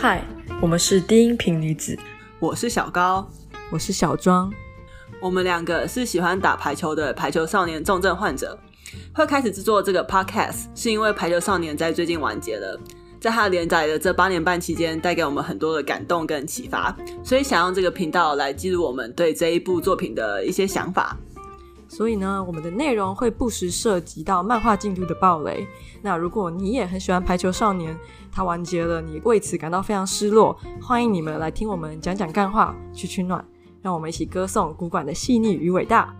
嗨，Hi, 我們是低音頻女子，我是小高，我是小莊，我們兩個是喜歡打排球的排球少年重症患者。會開始製作這個 podcast 是因為《排球少年》在最近完結了，在他連載的這八年半期間，帶給我們很多的感動跟啟發，所以想用這個頻道來記錄我們對這一部作品的一些想法。所以呢，我們的內容會不時涉及到漫畫進度的暴雷。那如果你也很喜歡《排球少年》，他完結了，你為此感到非常失落，歡迎你們來聽我們講講乾話，去取暖，讓我們一起歌頌古館的細膩與偉大。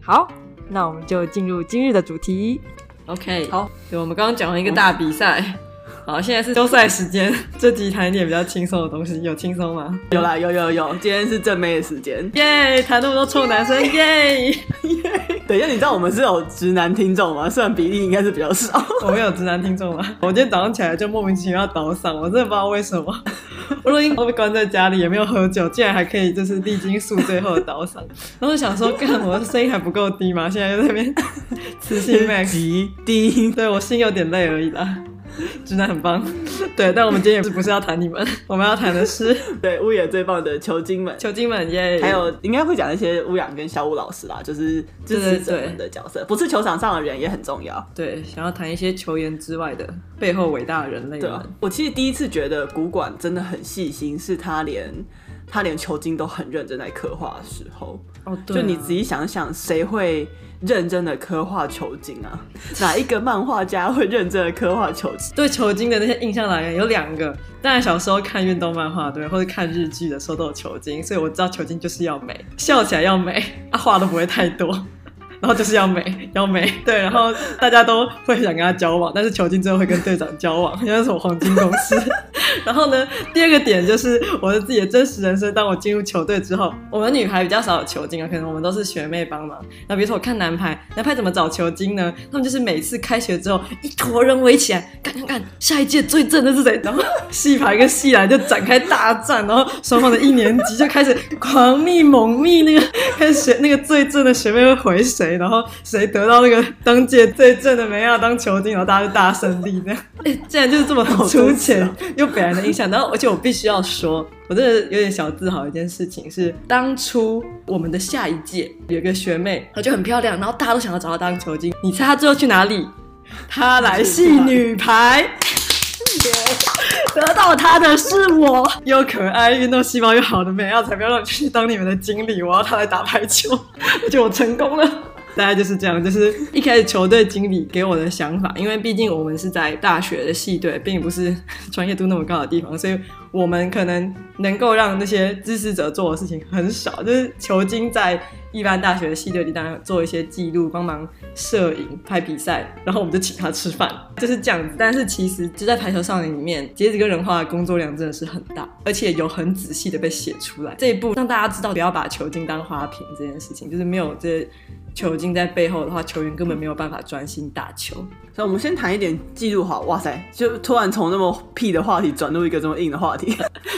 好，那我們就進入今日的主題。OK 好。好，對，我們剛剛講了一個大比賽。嗯好，現在是休賽時間，這集談一點比較輕鬆的東西，有輕鬆嗎？有啦，有有有，今天是正妹的時間，耶，談那麼多臭男生，耶耶。等一下，你知道我們是有直男聽眾嗎？雖然比例應該是比較少，我們有直男聽眾嗎？我今天早上起來就莫名其妙要倒嗓，我真的不知道為什麼。 我錄音都被關在家裡，也沒有喝酒，竟然還可以就是歷經宿醉後的倒嗓。 然後我想說，幹，我的聲音還不夠低嗎？現在就在那邊 磁性麥皮低，叮對，我心有點累而已啦。真的很棒， 對，但我們今天也不是要談你們， 我們要談的是對烏野最棒的球經們，球經們今、yeah. 還有應該會講一些烏養跟小武老師啦，就是支持者們的角色，對對對，不是球場上的人也很重要，對，想要談一些球員之外的背後偉大的人類們對、啊。我其實第一次覺得古館真的很細心，是他連。他連球經都很認真在刻畫的時候，哦，對啊，就你仔細想想，誰會認真的刻畫球經啊？ 哪一個漫畫家會認真的刻畫球經？對，球經的那些印象來源有兩個，當然小時候看運動漫畫對，或者看日劇的時候都有球經，所以我知道球經就是要美，笑起來要美，啊話都不會太多，然後就是要美， 要美，對，然後大家都會想跟他交往，但是球經最後會跟隊長交往，因為那是什麼黃金公司。 然後呢，第二個點就是我的自己的真實人生。當我進入球隊之後，我們女排比較少有球經啊，可能我們都是學妹幫忙。那比如說我看男排，男排怎麼找球經呢？他們就是每次開學之後，一坨人圍起來，看看看下一屆最正的是誰，然後系排跟系壘就展開大戰，然後雙方的一年級就開始狂密猛密那個，看學那個最正的學妹會回誰，然後誰得到那個當屆最正的妹啊，沒要當球經，然後大家就大勝利這樣，哎，竟然就是這麼出錢、哦啊、又表，的印象， 然後而且我必須要說，我真的有點小自豪。一件事情是，當初我們的下一屆有一個學妹，她就很漂亮，然後大家都想要找她當球經。你猜她最後去哪裡？她來系女排， Yes. 得到她的是我。又可愛，運動細胞又好的妹要才不要讓我去當你們的經理，我要她來打排球，而且我成功了。大概就是這樣，就是一開始球隊經理給我的想法，因為畢竟我們是在大學的系隊，並不是專業度那麼高的地方，所以我們可能能夠讓那些支持者做的事情很少。就是球經在一般大學的系隊裡，當然做一些記錄，幫忙攝影拍比賽，然後我們就請他吃飯，就是這樣子。但是其實就在《排球少年》裡面，這幾個人花的工作量真的是很大，而且有很仔細的被寫出來。這一部讓大家知道，不要把球經當花瓶這件事情，就是沒有這。球經在背後的話，球員根本沒有辦法專心打球。嗯、所以，我們先談一點記錄好。哇塞，就突然從那麼屁的話題轉入一個這麼硬的話題，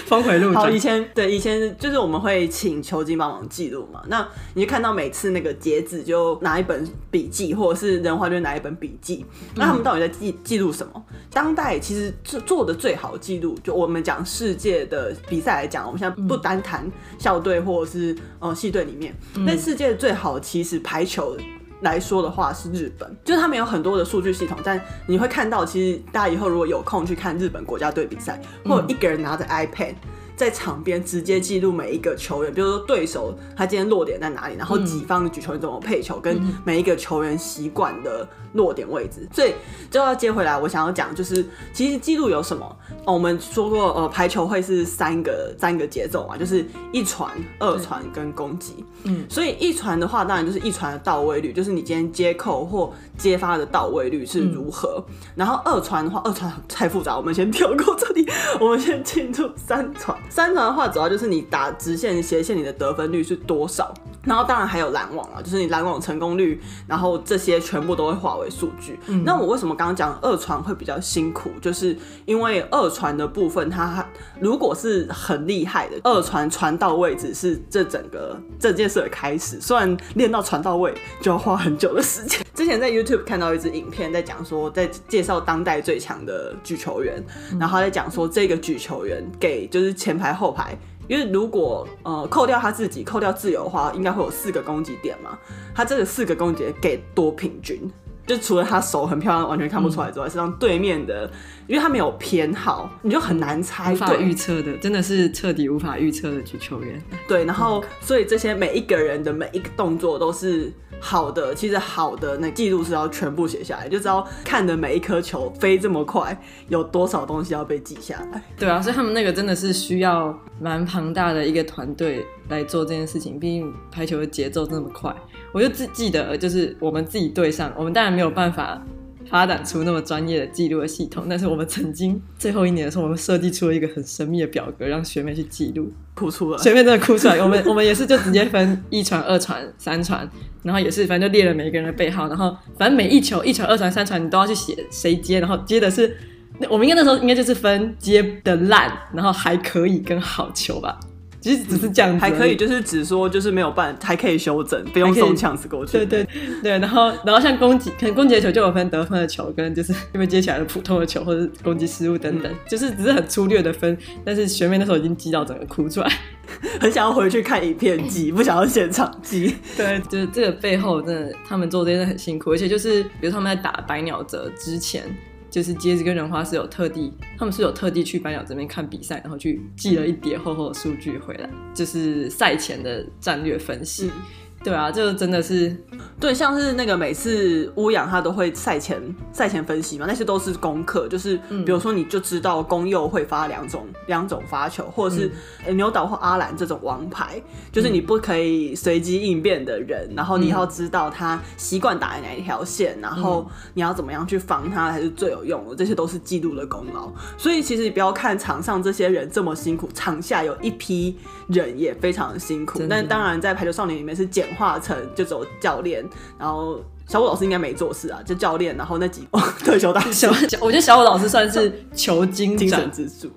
峰 回路轉。好，以前對以前就是我們會請球經幫忙記錄嘛。那你就看到每次那個截止就拿一本筆記，或者是人話就拿一本筆記。嗯、那他們到底在記記錄什麼？當代其實做做的最好記錄，就我們講世界的比賽來講，我們現在不單談校隊或者是呃系隊裡面，那、嗯、世界最好其實排。球來說的話是日本，就是他們有很多的數據系統，但你會看到，其實大家以後如果有空去看日本國家隊比賽，或者一個人拿着 iPad，嗯。在場邊直接記錄每一個球員，比如說對手他今天落點在哪裡，然後己方的舉球員怎麼配球，跟每一個球員習慣的落點位置。所以就要接回來，我想要講就是其實記錄有什麼？哦，我們說過呃排球會是三個三個節奏嘛，就是一傳、二傳跟攻擊。嗯，所以一傳的話，當然就是一傳的到位率，就是你今天接扣或接發的到位率是如何。嗯，然後二傳的話，二傳太複雜，我們先跳過這裡，我們先進入三傳。三團的話，主要就是你打直線、斜線，你的得分率是多少？然後當然還有攔網啊，就是你攔網成功率，然後這些全部都會化為數據。嗯、那我為什麼剛剛講二傳會比較辛苦？就是因為二傳的部分，它如果是很厲害的二傳，傳到位只是這整個這件事的開始。雖然練到傳到位就要花很久的時間。之前在 YouTube 看到一支影片，在講說在介紹當代最強的舉球員，嗯、然後在講說這個舉球員給就是前排後排。因為如果呃扣掉他自己，扣掉自由的話，應該會有四個攻擊點嘛？他這個四個攻擊點給多平均？就除了他手很漂亮，完全看不出來之外，嗯、是讓對面的，因為他沒有偏好，你就很難猜。無法預測的，對真的是徹底無法預測的舉球員。對，然後、嗯、所以這些每一個人的每一個動作都是好的，其實好的那記錄是要全部寫下來，就知道看的每一顆球飛這麼快，有多少東西要被記下來。對啊，所以他們那個真的是需要蠻龐大的一個團隊來做這件事情，畢竟排球的節奏這麼快。我就只記得，就是我們自己隊上，我們當然沒有辦法發展出那麼專業的記錄的系統，但是我們曾經最後一年的時候，我們設計出了一個很神秘的表格，讓學妹去記錄，哭出來，學妹真的哭出來。 我們我們也是就直接分一傳、二傳、三傳，然後也是反正就列了每一個人的背號，然後反正每一球一傳、二傳、三傳你都要去寫誰接，然後接的是，我們應該那時候應該就是分接的爛，然後還可以跟好球吧。其實只是這樣子，還可以，就是只說就是沒有辦法，還可以修整，不用送槍子過去。對對對，然後然後像攻擊，可能攻擊的球就有分得分的球，跟就是因為接起來的普通的球，或者是攻擊失誤等等，嗯、就是只是很粗略的分。但是學妹那時候已經急到整個哭出來，很想要回去看影片記，不想要現場記。 對，就是這個背後真的他們做真的這很辛苦，而且就是比如說他們在打白鳥澤之前。就是潔子跟仁花是有特地，他們是有特地去白鳥這邊看比賽，然後去寄了一疊厚厚的數據回來，嗯、就是賽前的戰略分析。嗯對啊，就真的是對，像是那個每次烏野他都會賽前賽前分析嘛，那些都是功課。就是比如說，你就知道宮侑會發兩種兩種發球，或者是牛島、嗯欸、或阿蘭這種王牌，就是你不可以隨機應變的人。嗯、然後你要知道他習慣打在哪一條線，嗯、然後你要怎麼樣去防他才是最有用的。這些都是記錄的功勞。所以其實你不要看場上這些人這麼辛苦，場下有一批人也非常的辛苦。的但當然，在排球少年裡面是簡。化成就走教練，然後。小武老師應該沒做事啊，就教練，然後那幾退休大師小。小我覺得小武老師算是球經、 精神支柱，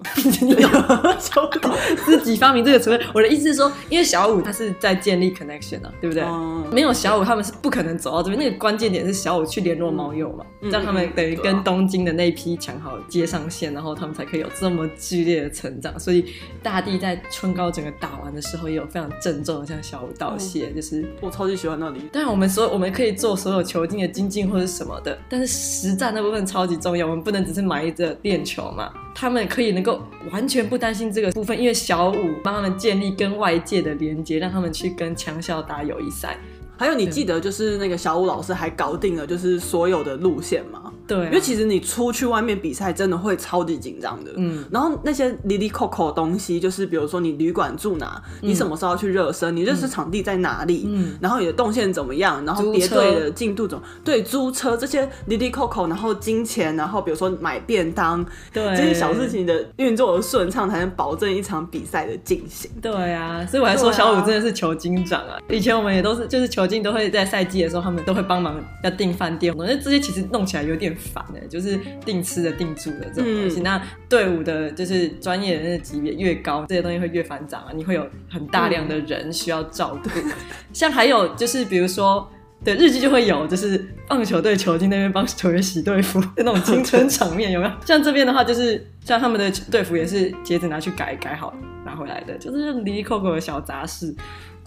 自己發明這個詞彙。我的意思是說，因為小武他是在建立 connection 啊，對不對？嗯、沒有小武，他們是不可能走到這邊。嗯、那個關鍵點是小武去聯絡貓友嘛，讓、嗯、他們等於跟東京的那一批強豪接上線，嗯、然後他們才可以有這麼劇烈的成長。所以大地在春高整個打完的時候，也有非常鄭重的向小武道謝，嗯、就是我超級喜歡那裡。但是我們說，我們可以做所有。球技的精進或者什麼的，但是實戰那部分超級重要，我們不能只是埋着墊球嘛。他們可以能夠完全不擔心這個部分，因為小武幫他們建立跟外界的連接，讓他們去跟強校打友誼賽。還有，你記得就是那個小武老師還搞定了就是所有的路線嗎？對、啊，因為其實你出去外面比賽，真的會超級緊張的。嗯，然後那些哩哩扣扣的東西，就是比如說你旅館住哪，嗯、你什麼時候要去熱身，你認識場地在哪裡，嗯、然後你的動線怎麼樣，然後疊隊的進度怎麼，對租車，對租車這些哩哩扣扣，然後金錢，然後比如說買便當，對，這些小事情的運作的順暢，才能保證一場比賽的進行。對啊，所以我還說小五真的是球經長啊。啊以前我們也都是，就是球經都會在賽季的時候，他們都會幫忙要訂飯店。我覺得這些其實弄起來有點。欸、就是定吃的、定住的這種東西。嗯、那隊伍的，就是專業人的級別越高，這些東西會越繁雜，啊。你會有很大量的人需要照顧。嗯、 像還有就是，比如說，對，日劇就會有，就是棒球隊球經那邊幫球員洗隊服、嗯、 那種青春場面，有沒有？ 像這邊的話，就是像他們的隊服也是接着拿去改改好拿回來的，就是零零扣扣的小雜事。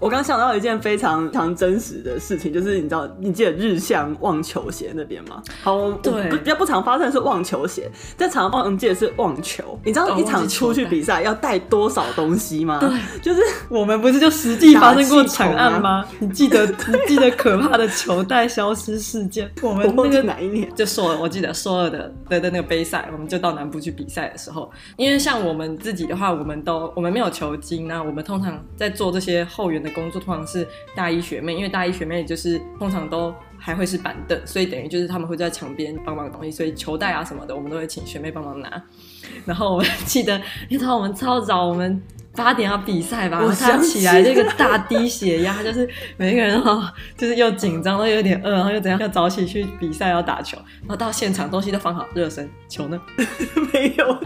我剛想到一件非常非常真實的事情，就是你知道，你記得日向忘球鞋那邊嗎？好，對，比較不常發生的是忘球鞋，在常們記得是忘球。你知道一場出去比賽要帶多少東西嗎？對、哦，就是我們不是就實際發生過慘案嗎？啊、 你記得，你記得可怕的球袋消失事件？ 我們那個哪一年？就說了，我記得說了的對的，的那個杯賽，我們就到南部去比賽的時候，因為像我們自己的話，我們都我們沒有球經那、啊、我們通常在做這些後援的。工作，通常是大一學妹，因為大一學妹就是通常都還會是板凳，所以等於就是他們會在場邊幫忙東西。所以球袋啊什麼的，我們都會請學妹幫忙拿。然後我們記得，你知道我們超早，我們八點要、啊、比賽吧，然後起，起來這個大低血壓就是每一個人哈，就是又緊張，又有點餓，然後又怎樣，要早起去比賽要打球，然後到現場東西都放好，熱身球呢 沒有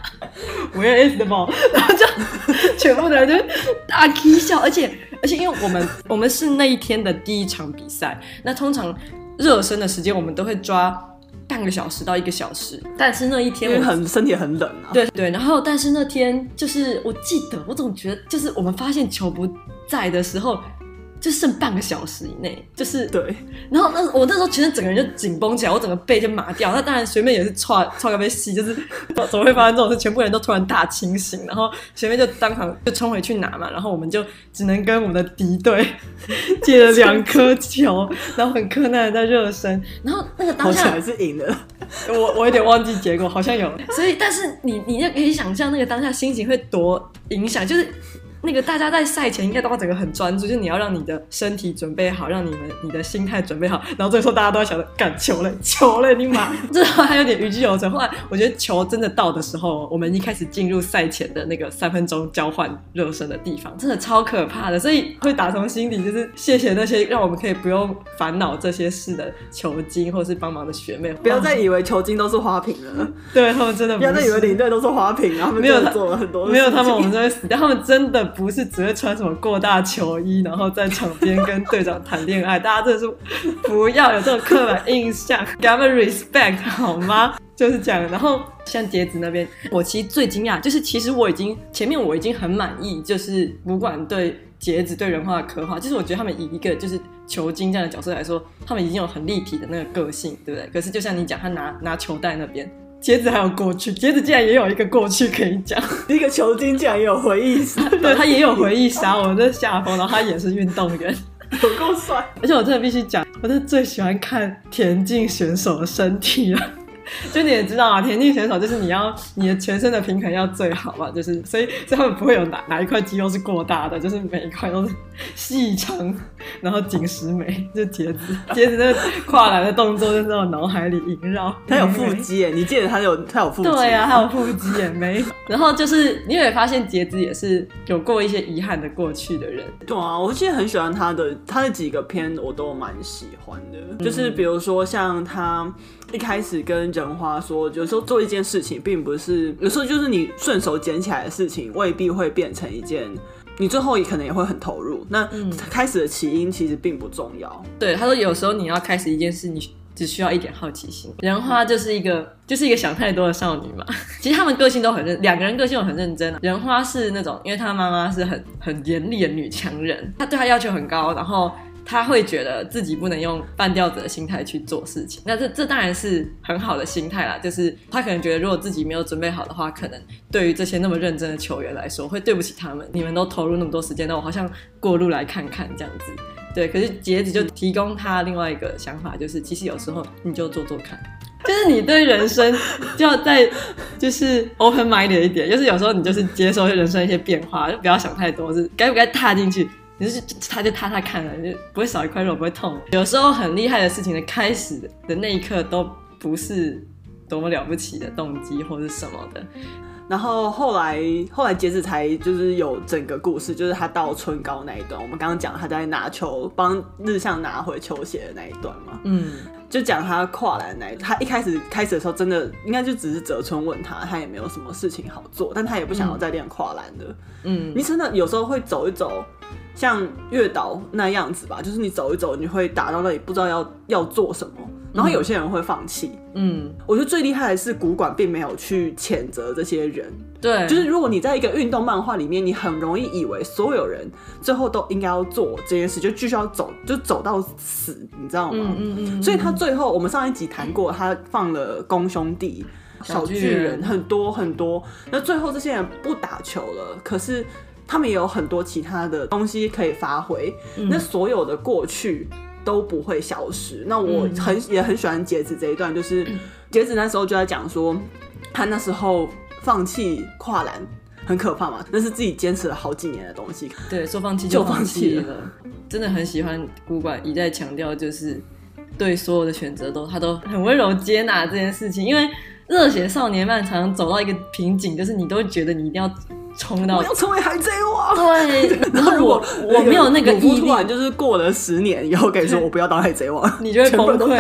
，Where is the ball？ 然後就全部的人就大哭笑，而且。而且因為我們我們是那一天的第一場比賽，那通常熱身的時間我們都會抓半個小時到一個小時，但是那一天我很身體很冷啊，對對，然後但是那天就是我記得我總覺得就是我們發現球不在的時候。就剩半個小時以內，就是對。然後那我那時候其實整個人就緊繃起來，我整個背就麻掉。那當然，學妹也是錯錯開被吸，就是怎麼會發生這種事？全部人都突然大清醒，然後學妹就當場就衝回去拿嘛。然後我們就只能跟我們的敵隊借了兩顆球， 然後很克難地在熱身。 然後那個當下還是贏了， 我我有點忘記結果，好像有。所以，但是你你就可以想象那個當下心情會多影響，就是。那個大家在賽前應該都會整個很專注，就是你要讓你的身體準備好，讓你們你的心態準備好，然後最後大家都會想着，幹，球嘞球嘞你媽，至少 還有點餘悸有。然後來我覺得球真的到的時候，我們一開始進入賽前的那個三分鐘交換熱身的地方，真的超可怕的。所以會打從心底就是謝謝那些讓我們可以不用煩惱這些事的球經，或是幫忙的學妹。不要再以為球經都是花瓶了， 對，他們真的。不要再以為領隊都是花瓶啊， 他們沒有他沒有他們，我們就會死掉，他們真的。不是只會穿什麼過大球衣，然後在場邊跟隊長談戀愛， 大家真的是不要有這種刻板印象， 給他們 respect 好嗎？就是這樣，然後像杰子那邊，我其實最驚訝就是，其實我已經前面我已經很滿意，就是不管對杰子對人話的刻畫，就是我覺得他們以一個就是球經這樣的角色來說，他們已經有很立體的那個個性，對不對？可是就像你講，他拿拿球袋那邊。潔子還有過去，潔子竟然也有一個過去可以講，一個球經竟然也有回憶殺，對他也有回憶殺。 我在下風，然後他也是運動員，有夠帥。而且我真的必須講，我是最喜歡看田徑選手的身體了。就你也知道啊，田徑選手就是你要你的全身的平衡要最好嘛，就是所以所以他們不會有哪哪一塊肌肉是過大的，就是每一塊都是細長，然後緊實美。就截子，截子那個跨欄的動作，就是在我腦海裡縈繞。 他有腹肌哎，你記得他有他有腹？對啊，他有腹肌也沒。 然後就是你也發現截子也是有過一些遺憾的過去的人。對啊，我記得很喜歡他的，他的幾個片我都蠻喜歡的，就是比如說像他。一開始跟仁花說，有時候做一件事情，並不是有時候就是你順手撿起來的事情，未必會變成一件你最後也可能也會很投入。那開始的起因其實並不重要、嗯。對，他說有時候你要開始一件事，你只需要一點好奇心。仁花就是一個就是一個想太多的少女嘛。其實他們個性都很認，兩個人個性都很認真、啊。仁花是那種，因為她媽媽是很很嚴厲的女強人，她對她要求很高，然後。他會覺得自己不能用半吊子的心態去做事情，那這這當然是很好的心態啦。就是他可能覺得，如果自己沒有準備好的話，可能對於這些那麼認真的球員來說，會對不起他們。你們都投入那麼多時間，那我好像過路來看看這樣子。對，可是潔子就提供他另外一個想法，就是其實有時候你就做做看，就是你對人生就要再就是 open mind 的一,一點，就是有時候你就是接受人生一些變化，就不要想太多，是該不該踏進去。你就是他就他他看了，就不會少一塊肉，不會痛，有時候很厲害的事情的開始的那一刻都不是多麼了不起的動機或是什麼的。然後後來後來截止才就是有整個故事，就是他到春高那一段，我們剛剛講他在拿球幫日向拿回球鞋的那一段嘛，嗯，就講他跨欄那一段，他一開始開始的時候真的應該就只是澤村問他，他也沒有什麼事情好做，但他也不想要再練跨欄的，嗯，你真的有時候會走一走，像月島那樣子吧，就是你走一走，你會打到那裡不知道要要做什麼。然後有些人會放棄，嗯，我覺得最厲害的是，古舘並沒有去譴責這些人，對，就是如果你在一個運動漫畫裡面，你很容易以為所有人最後都應該要做這件事，就繼續要走，就走到死，你知道嗎？嗯嗯嗯。所以他最後，嗯、我們上一集談過，他放了宮兄弟、小巨人、小巨人很多很多，那最後這些人不打球了，可是他們也有很多其他的東西可以發揮，嗯、那所有的過去。都不會消失。那我很、嗯、也很喜歡潔子這一段，就是潔子那時候就在講說，他那時候放棄跨欄很可怕嘛，那是自己堅持了好幾年的東西。對，說放棄就放棄了，了 真的很喜歡古舘一再強調，就是對所有的選擇都他都很溫柔接納這件事情，因為熱血少年漫常走到一個瓶頸，就是你都覺得你一定要。到我要成為海賊王。對，然後 果我我沒有那個毅力。不突然就是過了十年以後，跟你說我不要當海賊王，你就會崩潰。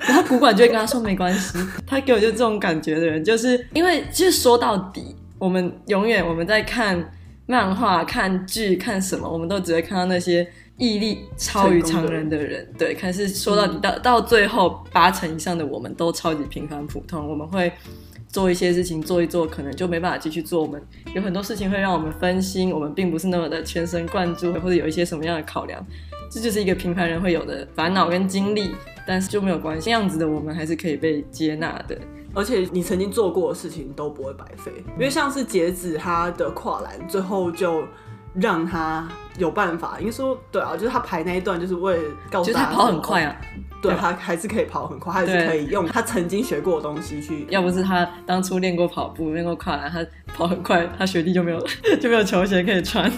然後 古舘就會跟他說沒關係，他給我就這種感覺的人，就是因為其實說到底，我們永遠我們在看漫畫、看劇、看什麼，我們都只會看到那些毅力超於常人的人。的對，可是說到底、嗯、到到最後，八成以上的我們都超級平凡普通，我們會。做一些事情做一做，可能就沒辦法繼續做。我們有很多事情會讓我們分心，我們並不是那麼的全神貫注，或者有一些什麼樣的考量，這就是一個平凡人會有的煩惱跟經歷。但是就沒有關係，這樣子的我們還是可以被接納的。而且你曾經做過的事情都不會白費，因為像是潔子他的跨欄，最後就讓他有辦法。因為說對啊，就是他排那一段，就是為了。其實他跑很快啊。對，他還是可以跑很快，他還是可以用他曾經學過的東西去，要不是他當初練過跑步，練過跨欄，他跑很快，他學弟就沒有就沒有球鞋可以穿，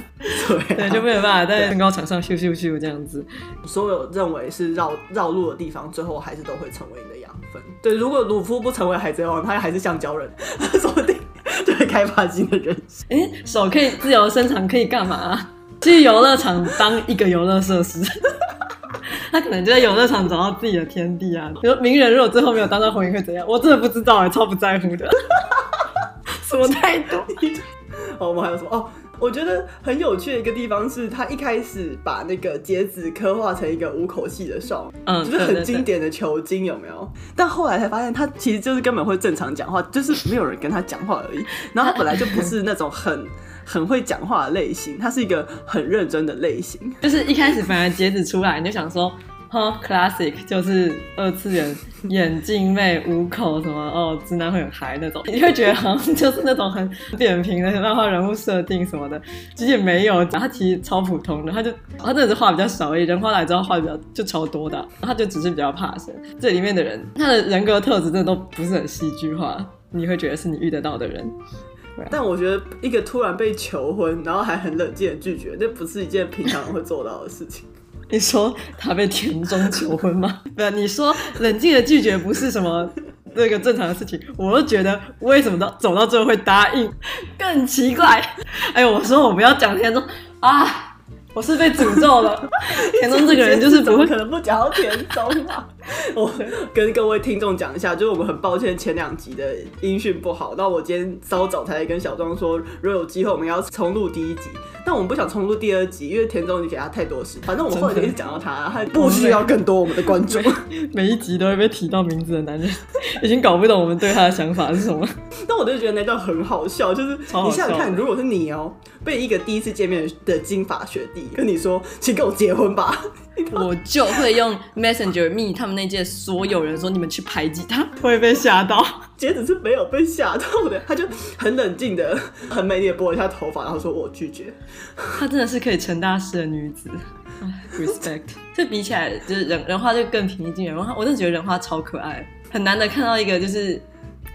對、啊、 對，就沒有辦法在身高場上咻咻咻這樣子。所有認為是繞繞路的地方，最後還是都會成為你的養分。對，如果魯夫不成為海賊王，他還是橡膠人，說不定對開發機的人哎、欸，手可以自由伸長，可以幹嘛、啊？去遊樂場當一個遊樂設施。 他可能就在遊樂場找到自己的天地啊！比如說名人如果最後沒有當上紅人會怎樣？我真的不知道，欸，超不在乎的。 什麼態度？ 我們還有什麼？哦我覺得很有趣的一個地方是，他一開始把那個潔子刻畫成一個無口系的獸，嗯，就是很經典的球經，有沒有？但後來才發現，他其實就是根本會正常講話，就是沒有人跟他講話而已。然後他本來就不是那種很很會講話的類型，他是一個很認真的類型，就是一開始反而潔子出來，你就想說。Oh, classic 就是二次元眼鏡妹、無口什麼哦，直男會很嗨那種。你會覺得好像就是那種很扁平的漫畫人物設定什麼的，其實也沒有。他、啊、其實超普通的，他就他那只話比較少而已。人畫來之後話比較就超多的，他就只是比較怕生。這裡面的人他的人格的特質真的都不是很戲劇化，你會覺得是你遇得到的人。啊、但我覺得一個突然被求婚，然後還很冷靜的拒絕，這不是一件平常人會做到的事情。 你說他被田中求婚嗎？ 不，你說冷靜的拒絕不是什麼那個正常的事情，我都覺得為什麼到走到最後會答應，更奇怪。哎、 欸，我說我不要講田中 啊。我是被詛咒了， 田中這個人就是怎麼可能不講到田中啊？ 我跟各位聽眾講一下，就是我們很抱歉前兩集的音訊不好。那我今天稍早才來跟小莊說，如果有機會我們要重錄第一集，但我們不想重錄第二集，因為田中你給他太多時間。反正我們後來就是講到他，他不需要更多我們的觀眾、 嗯。每一集都會被提到名字的男人，已經搞不懂我們對他的想法是什麼。 但我就覺得那段很好笑，就是你想想看，如果是你哦、喔，被一個第一次見面的金髮學弟。跟你說，請跟我結婚吧，我就會用 Messenger 密 他們那屆所有人說，你們去排擠他，會被嚇到。潔子是沒有被嚇到的，他就很冷靜的、很美麗的撥了一下頭髮，然後說我拒絕。她真的是可以成大事的女子 ，respect。這比起來就是人，仁花就更平易近人。然後我真的覺得仁花超可愛，很難得看到一個就是。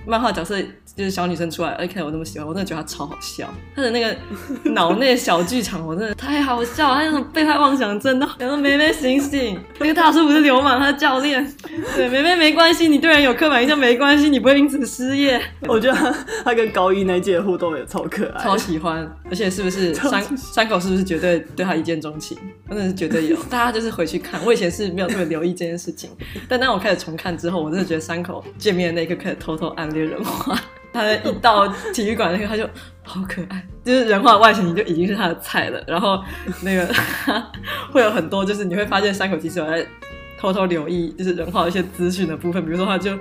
漫畫角色就是小女生出來，哎，看我那麼喜歡，我真的覺得她超好笑。她的那個腦內小劇場，我真的太好笑。 她那種被害妄想症啊，然後梅梅醒醒， 那個大叔不是流氓，他是教練。對，梅梅沒關係，你對人有刻板印象沒關係，你不會因此失業。我覺得她跟高一那一屆互動也超可愛，超喜歡。而且是不是山山口是不是絕對對他一見鍾情？真的是絕對有。 大家就是回去看，我以前是沒有特別留意這件事情，但當我開始重看之後，我真的覺得山口見面的那一刻開始偷偷暗。連人話，他一到體育館那個，他就好可愛，就是人話外形就已經是他的菜了。然後那個會有很多，就是你會發現山口其實我在偷偷留意，就是人話一些資訊的部分，比如說他就。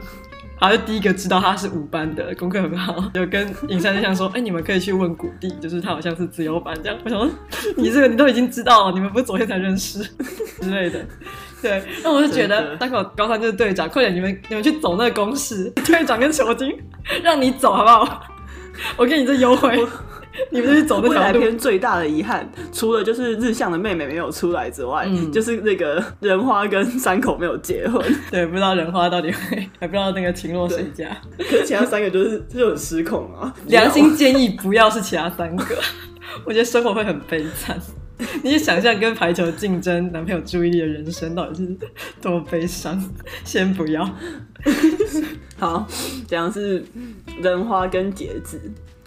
然後就第一個知道他是五班的，功課很好，就跟影山就像說：“哎、欸，你們可以去問谷地，就是他好像是自由班這樣。”我想說：“你這個你都已經知道了，你們不是昨天才認識之類的。”對，那我就覺得待會高三就是隊長，快點，你們你們去走那個公式，隊長跟球經讓你走好不好？我給你這優惠。你們是走的。未來片最大的遺憾，除了就是日向的妹妹沒有出來之外，嗯、就是那個仁花跟山口沒有結婚。對，不知道仁花到底會，還不知道那個情落誰家。可是其他三個就是 就很失控啊。良心建議不要是其他三個， 我覺得生活會很悲慘。你想象跟排球競爭男朋友注意力的人生到底是多麼悲傷？先不要。 好，這樣是仁花跟潔子。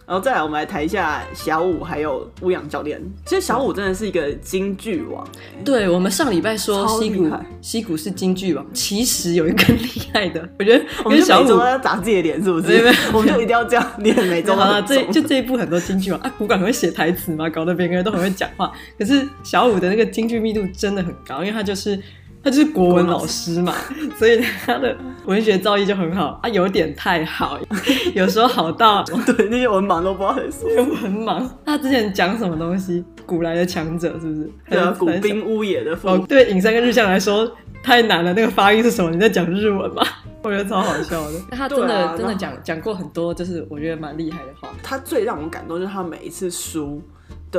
然後再來，我們來談一下小五還有烏養教練。其實小五真的是一個金句王，欸，對，我們上禮拜說西谷，西谷是金句王。其實有一個厲害的，我覺得我們小五要砸自己的臉，是不是？我，我們就一定要這樣念沒錯啊。 這就這一部很多金句王啊，古舘很會寫台詞嘛，搞得別人都很會講話。可是小五的那個金句密度真的很高，因為他就是。他就是國文老師嘛，老師 所以他的文學造詣就很好。他、啊、有點太好， 有時候好到對那些文盲都不好意思。文盲，他之前講什麼東西？古來的強者是不是？對、啊，古兵烏野的風、哦。對，影山跟日向來說太難了。那個發音是什麼？你在講日文嗎？ 我覺得超好笑的。他真的對、啊、真的講講那過很多，就是我覺得蠻厲害的話。他最讓我感動就是他每一次輸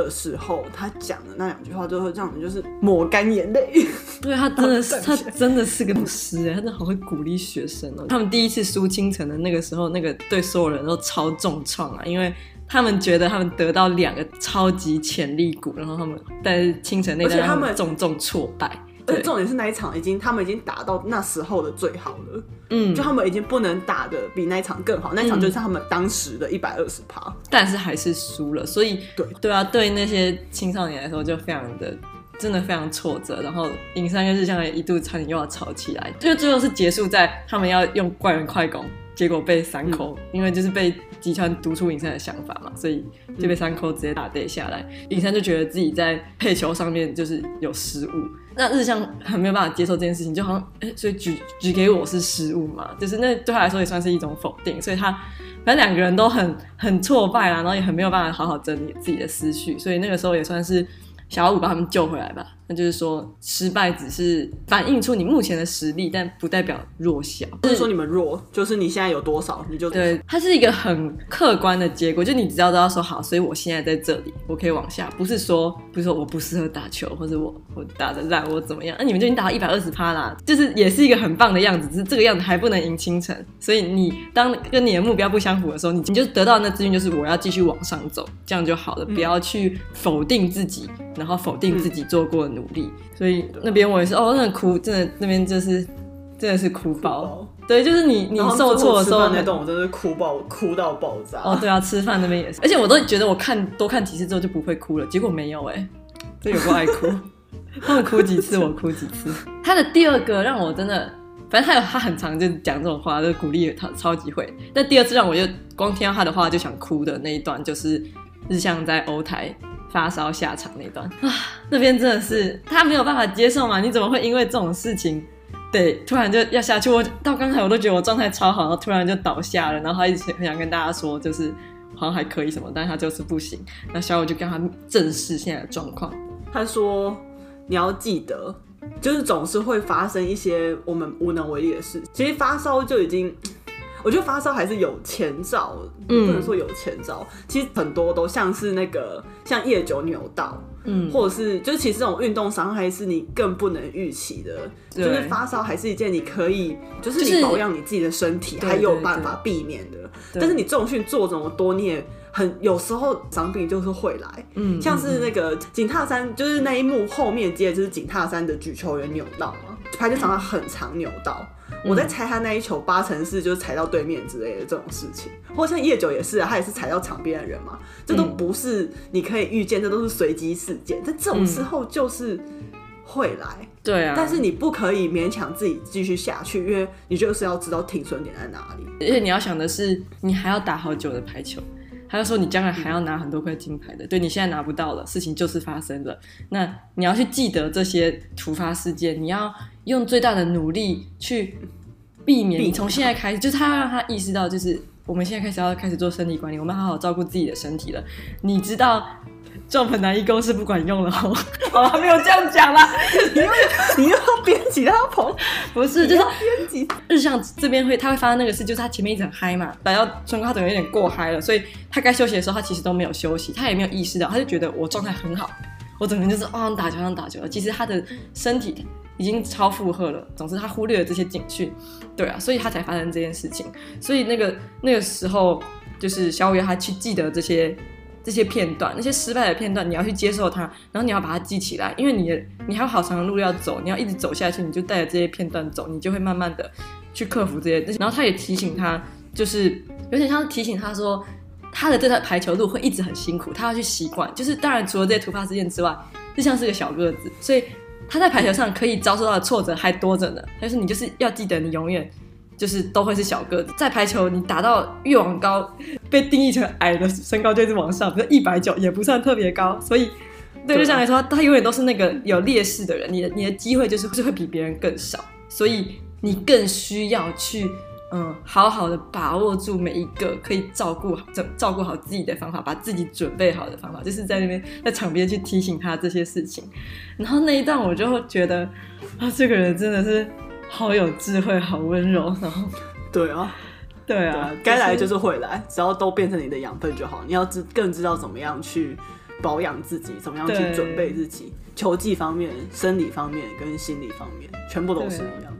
的時候，他講的那兩句話，就會讓我們就是抹乾眼淚。對他真的是，哦、他真的是個老師，哎，真的很會鼓勵學生、哦。 他們第一次輸青城的那個時候，那個對所有人都超重創啊，因為他們覺得他們得到兩個超級潛力股，然後他們但是青城那段他們重重挫敗。對而重點是那一場已經，他們已經打到那時候的最好了，嗯，就他們已經不能打得比那一場更好，那一場就是他們當時的一百二十趴，但是還是輸了，所以對對啊，對那些青少年來說就非常的真的非常挫折，然後影山又是相當於一度差點又要吵起來，就最後是結束在他們要用怪人快攻。結果被三摳、嗯、因為就是被及川讀出影山的想法嘛，所以就被三摳直接打掉下來。影、嗯、山就覺得自己在配球上面就是有失誤，那日向很沒有辦法接受這件事情，就好像，欸、所以舉舉給我是失誤嘛，就是那對他來說也算是一種否定，所以他反正兩個人都很很挫敗啦，然後也很沒有辦法好好整理自己的思緒，所以那個時候也算是小五把他們救回來吧。那就是說，失敗只是反映出你目前的實力，但不代表弱小。是不是說你們弱，就是你現在有多少，你就是、對。它是一個很客觀的結果。就你只要知道說好，所以我現在在這裡，我可以往下。不是說，不是說我不適合打球，或者我我打得爛，我怎麼樣？那你們就已經打到一百二十趴啦，就是也是一個很棒的樣子。只、就是這個樣子還不能贏清晨，所以你當跟你的目標不相符的時候，你你就得到那資訊就是我要繼續往上走，這樣就好了。不要去否定自己，嗯、然後否定自己做過努力，所以那邊我也是對哦，真的哭，真的那邊就是真的是哭爆，包對，就是你、嗯、你受挫的時候那段，我真是哭爆，哭到爆炸。哦，對啊，吃飯那邊也是， 而且我都覺得我看多看幾次之後就不會哭了，結果沒有哎、欸，這有多愛哭， 他們哭幾次 我哭幾次。他的第二個讓我真的，反正他有他很常就講這種話，就鼓勵他超級會。但第二次讓我就光聽到他的話就想哭的那一段，就是日向在歐台。發燒下場那段啊，那邊真的是他沒有辦法接受嗎？你怎麼會因為這種事情，對，突然就要下去？我到剛才我都覺得我狀態超好，然後突然就倒下了，然後他一直很想跟大家說，就是好像還可以什麼，但是他就是不行。那小我就跟他正視現在的狀況，他說：“你要記得，就是總是會發生一些我們無能為力的事情。其實發燒就已經。”我覺得發燒還是有前兆，不能說有前兆。嗯、其實很多都像是那個，像夜久扭到，嗯，或者是就是其實這種運動傷害是你更不能預期的。對就是發燒還是一件你可以，就是你保養你自己的身體，就是，還有，有辦法避免的。對對對對，但是你重訓做這麼多，年，很有時候傷病就是會來。嗯，像是那個井闥山，就是那一幕後面接的就是井闥山的舉球員扭到嘛，排球場上很常扭到。我在猜他那一球八成是就是踩到對面之類的這種事情，或者像夜久也是、啊，他也是踩到場邊的人嘛，這都不是你可以預見，嗯、這都是隨機事件。在這種時候就是會來，嗯、對啊。但是你不可以勉強自己繼續下去，因為你就是要知道停損點在哪裡，而且你要想的是你還要打好久的排球。他就說：“你將來還要拿很多塊金牌的，嗯、對，你現在拿不到了，事情就是發生了。那你要去記得這些突發事件，你要用最大的努力去避免。你從現在開始，避免。就是他要讓他意識到，就是我們現在開始要開始做生理管理，我們好好照顧自己的身體了。你知道。”撞粉男一公是不管用了哦，我 還、啊、沒有這樣講啦， 你又你又要編輯。他朋不是他就是編輯。日向這邊會他會發生那個事，就是他前面一直很嗨嘛，來到春高他總有點過嗨了，所以他該休息的時候他其實都沒有休息，他也沒有意識到，他就覺得我狀態很好，我整天就是啊、哦、打球啊打球了，其實他的身體已經超負荷了，總之他忽略了這些警訊，對啊，所以他才發生這件事情，所以那個那個時候就是小烏養他去記得這些。這些片段，那些失敗的片段，你要去接受它，然後你要把它記起來，因為你，你還有好長的路要走，你要一直走下去，你就帶着這些片段走，你就會慢慢的去克服這些。然後他也提醒他，就是有點像提醒他說，他的這條排球路會一直很辛苦，他要去習慣。就是當然除了這些突發事件之外，就像是個小個子，所以他在排球上可以遭受到的挫折還多着呢。但、就是你就是要記得，你永遠。就是都會是小個子，在排球你打到越往高被定義成矮的身高就是往上，就一百九也不算特別高，所以對,吧對，就像來說他，他永遠都是那個有劣勢的人，你的你的機會就是會比別人更少，所以你更需要去嗯好好的把握住每一個可以照顧好、照顧好自己的方法，把自己準備好的方法，就是在那邊在場邊去提醒他這些事情，然後那一段我就覺得啊，這個人真的是。好有智慧，好溫柔，然後， 對啊，對啊，對啊，該來就是會來，只，是只要都變成你的養分就好。你要知更知道怎麼樣去保養自己，怎麼樣去準備自己，對球技方面、生理方面跟心理方面，全部都是一樣。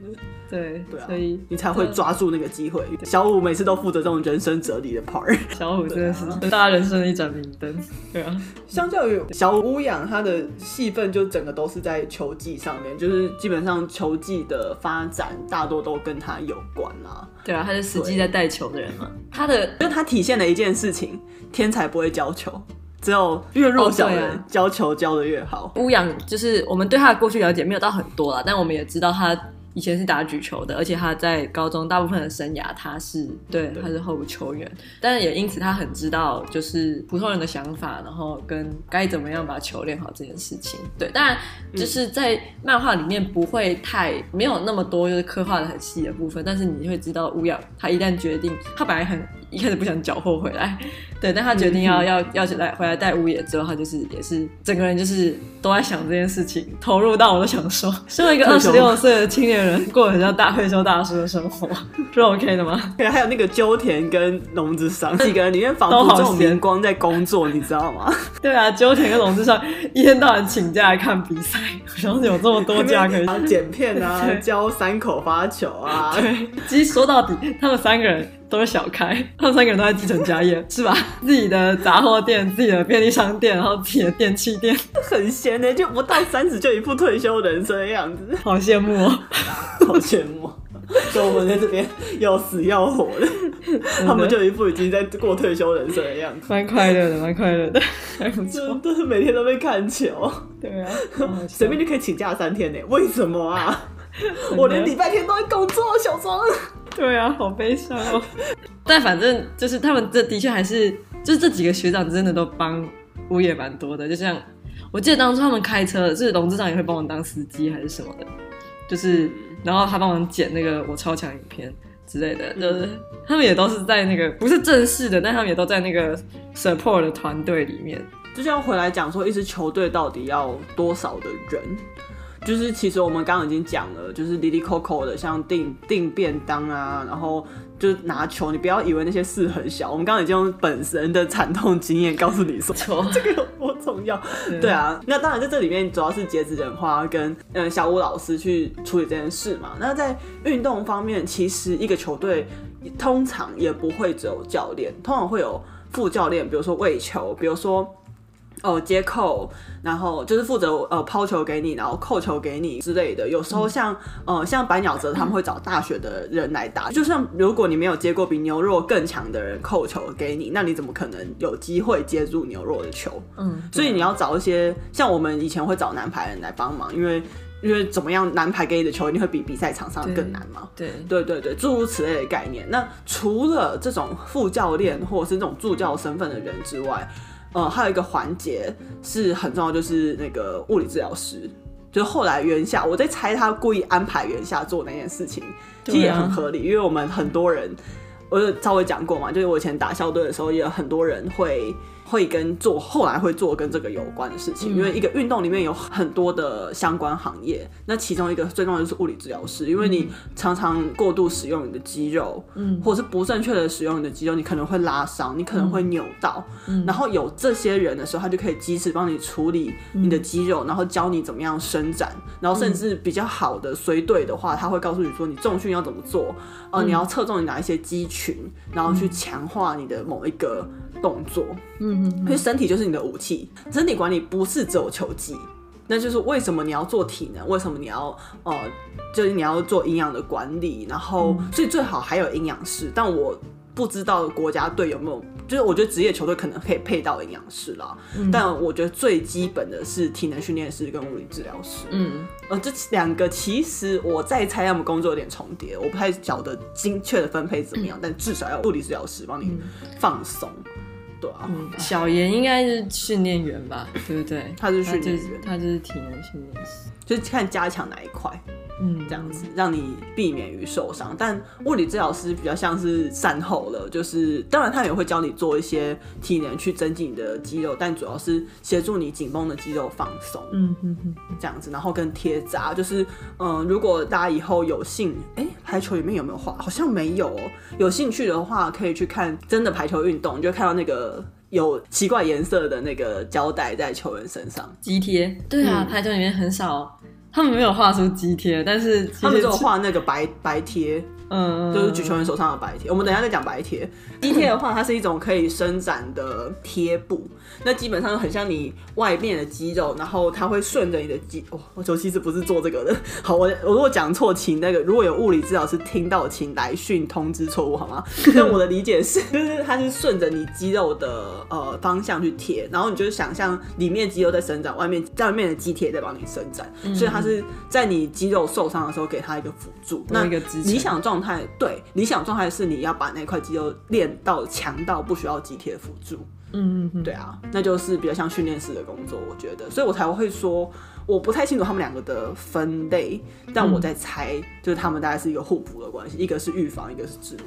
對，對啊、所以你才會抓住那個機會。對小五每次都負責這種人生哲理的 part。小五真的是 大家人生的一盞明燈。 對啊，相較於小五，烏養，對他的戲份就整個都是在球技上面，就是基本上球技的發展大多都跟他有關啊。對啊，他是實際在帶球的人嘛。對他的，因為他體現了一件事情：天才不會教球，只有越弱小的人教球教的越好。烏養、oh, 啊、就是我們對他的過去了解沒有到很多了，但我們也知道他，以前是打舉球的，而且他在高中大部分的生涯，他是、嗯、對，對，他是候補球員，但是也因此他很知道就是普通人的想法，然後跟該怎麼樣把球練好這件事情。對，但就是在漫畫裡面不會太、嗯、沒有那麼多，就是刻畫的很細的部分，但是你會知道烏養他一旦決定，他本來很一開始不想攪和回來。對，但他決定要、嗯、要要來回來帶烏野之後，他就是也是整個人就是都在想這件事情，投入到我都想說，身為一個二十六歲的青年人，過得很像大退休大叔的生活，是、嗯、OK 的嗎？對，還有那個鳩田跟龍子尚幾個人，裡面仿佛好年光在工作，你知道嗎？對啊，鳩田跟龍子尚一天到晚請假來看比賽，然後有這麼多假，可以剪片啊，對教三口發球啊對，其實說到底，他們三個人。都是小開，他們三個人都在繼承家業。 是吧？自己的雜貨店，自己的便利商店，然後自己的電器店，很閒呢、欸，就不到三十就一副退休人生的樣子，好羨慕哦、喔，好羨慕。 就我們在這邊要死要活的，的他們就一副已經在過退休人生的樣子，蠻快樂的，蠻快樂的，真的是每天都被看球，對啊，隨 便就可以請假三天呢、欸？為什麼啊？ 的我連禮拜天都在工作，小莊。對啊，好悲傷哦、喔。 但反正就是他們這的確還是，就是這幾個學長真的都幫物業蠻多的。就像我記得當初他們開車，就是龍師長也會幫我當司機還是什麼的。就是然後他幫我剪那個我超強影片之類的，嗯、就是他們也都是在那個不是正式的，但他們也都在那個 support 的團隊裡面。就像回來講說一支球隊到底要多少的人。就是其實我們剛剛已經講了，就是哩哩扣扣的，像訂訂便當啊，然後就是拿球，你不要以為那些事很小。我們剛剛已經用本身的慘痛經驗告訴你說球，這個有多重要對。對啊，那當然在這裡面主要是潔子仁花跟，嗯、小武老師去處理這件事嘛。那在運動方面，其實一個球隊通常也不會只有教練，通常會有副教練，比如說餵球，比如說。哦，接扣，然後就是負責呃拋球給你，然後扣球給你之類的。有時候像、嗯、呃像白鳥澤他們會找大學的人來打，嗯、就像如果你沒有接過比牛肉更強的人扣球給你，那你怎麼可能有機會接住牛肉的球？嗯，所以你要找一些像我們以前會找男排的人來幫忙，因為因為怎麼樣，男排給你的球一定會比比，比賽場上更難嘛？對對，對對對，諸如此類的概念。那除了這種副教練或者是這種助教身份的人之外，嗯，還有一個環節是很重要，就是那個物理治療師，就後來原下，我在猜他故意安排原下做那件事情，其實也很合理，因為我們很多人，我有稍微講過嘛，就是我以前打校隊的時候，也有很多人會。會跟做，後來會做跟這個有關的事情，因為一個運動裡面有很多的相關行業，那其中一個最重要就是物理治療師，因為你常常過度使用你的肌肉，嗯，或者是不正確的使用你的肌肉，你可能會拉傷，你可能會扭到，然後有這些人的時候，他就可以及時幫你處理你的肌肉，然後教你怎麼樣伸展，然後甚至比較好的隨隊的話，他會告訴你說你重訓要怎麼做，呃，你要側重你哪一些肌群，然後去強化你的某一個。動作，嗯，因為身體就是你的武器，身體管理不是只有球技，那就是為什麼你要做體能，為什麼你要呃，就是你要做營養的管理，然後、嗯、所以最好還有營養師，但我不知道國家隊有沒有，就是我覺得職業球隊可能可以配到營養師啦，嗯、但我覺得最基本的是體能訓練師跟物理治療師，嗯，呃，這兩個其實我在猜他們工作有點重疊，我不太曉得精確的分配怎麼樣，嗯、但至少要物理治療師幫你放鬆。嗯，小嚴應該是訓練員吧，對不對？他就是他、就是、就是體能訓練師，就看加強哪一塊。嗯，這樣子讓你避免於受傷，但物理治療師比較像是善後了，就是當然他也會教你做一些體能去增進你的肌肉，但主要是協助你緊繃的肌肉放鬆。嗯嗯嗯，這樣子，然後跟貼扎，就是嗯，如果大家以後有幸，哎、欸，排球裡面有沒有畫？好像沒有，喔，有興趣的話可以去看真的排球運動，你就會看到那個有奇怪顏色的那個膠帶在球員身上，肌貼。對啊，嗯、排球裡面很少，喔。他們沒有畫出肌貼，但是他們只有畫那個白白貼。嗯，就是舉球人手上的白貼，我們等一下再講白貼。肌貼 的話，它是一種可以伸展的貼布，那基本上就很像你外面的肌肉，然後它會順着你的肌哦，我其實不是做這個的。好，我我如果講錯，請那個如果有物理治療師聽到，請來訊通知錯誤好嗎？ 但我的理解是，就是它是順着你肌肉的呃方向去貼，然後你就是想象裡面肌肉在伸展，外面在外面的肌貼在幫你伸展，嗯、哼所以它是在你肌肉受傷的時候給它一個輔助，一個那你想這種。狀態，對，理想狀態是你要把那塊肌肉練到強到不需要肌貼輔助。嗯嗯，嗯對啊，那就是比較像訓練師的工作，我覺得，所以我才會說我不太清楚他們兩個的分類，但我在猜，嗯、就是他們大概是一個互補的關係，一個是預防，一個是治療。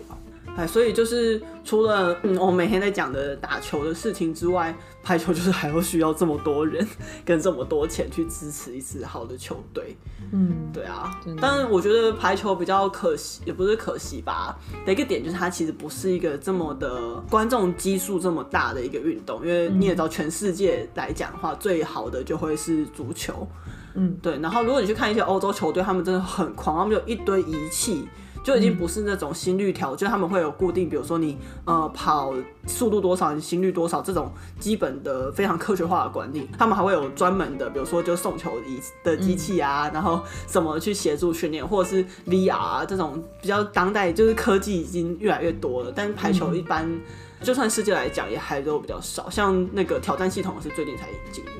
哎，所以就是除了嗯，我、哦、每天在講的打球的事情之外，排球就是還要需要這麼多人跟這麼多錢去支持一支好的球隊。嗯，對啊。嗯、但是我覺得排球比較可惜，也不是可惜吧。的一個點就是它其實不是一個這麼的觀眾基數這麼大的一個運動，因為你也知道，全世界來講的話，嗯、最好的就會是足球。嗯，對。然後如果你去看一些歐洲球隊，他們真的很狂，他們有一堆儀器。就已經不是那種心率條，嗯、就他們會有固定，比如說你呃跑速度多少，你心率多少這種基本的非常科學化的管理。他們還會有專門的，比如說就送球的機器啊，嗯、然後什麼去協助訓練，或者是 VR、啊、這種比較當代，就是科技已經越來越多了。但是排球一般，嗯、就算世界來講也還都比較少。像那個挑戰系統是最近才引進的，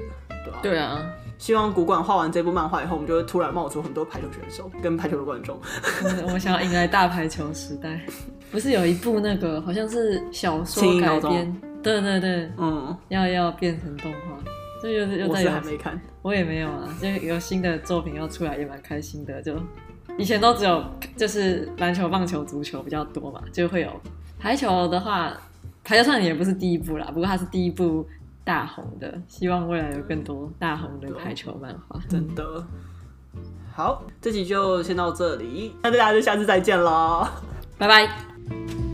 對啊。對啊希望古館畫完這部漫畫以後，我們就會突然冒出很多排球選手跟排球的觀眾、 嗯。我想要迎來大排球時代。不是有一部那個好像是小說改編？對對對，嗯，要要變成動畫。對，就是又在有，我是還沒看。我也沒有啊，就有新的作品要出來，也蠻開心的。就以前都只有就是籃球、棒球、足球比較多嘛，就會有排球的話，排球少年也不是第一部啦，不過它是第一部。大紅的，希望未來有更多大紅的排球漫畫，真的好。這集就先到這裡，那大家就下次再見咯，拜拜。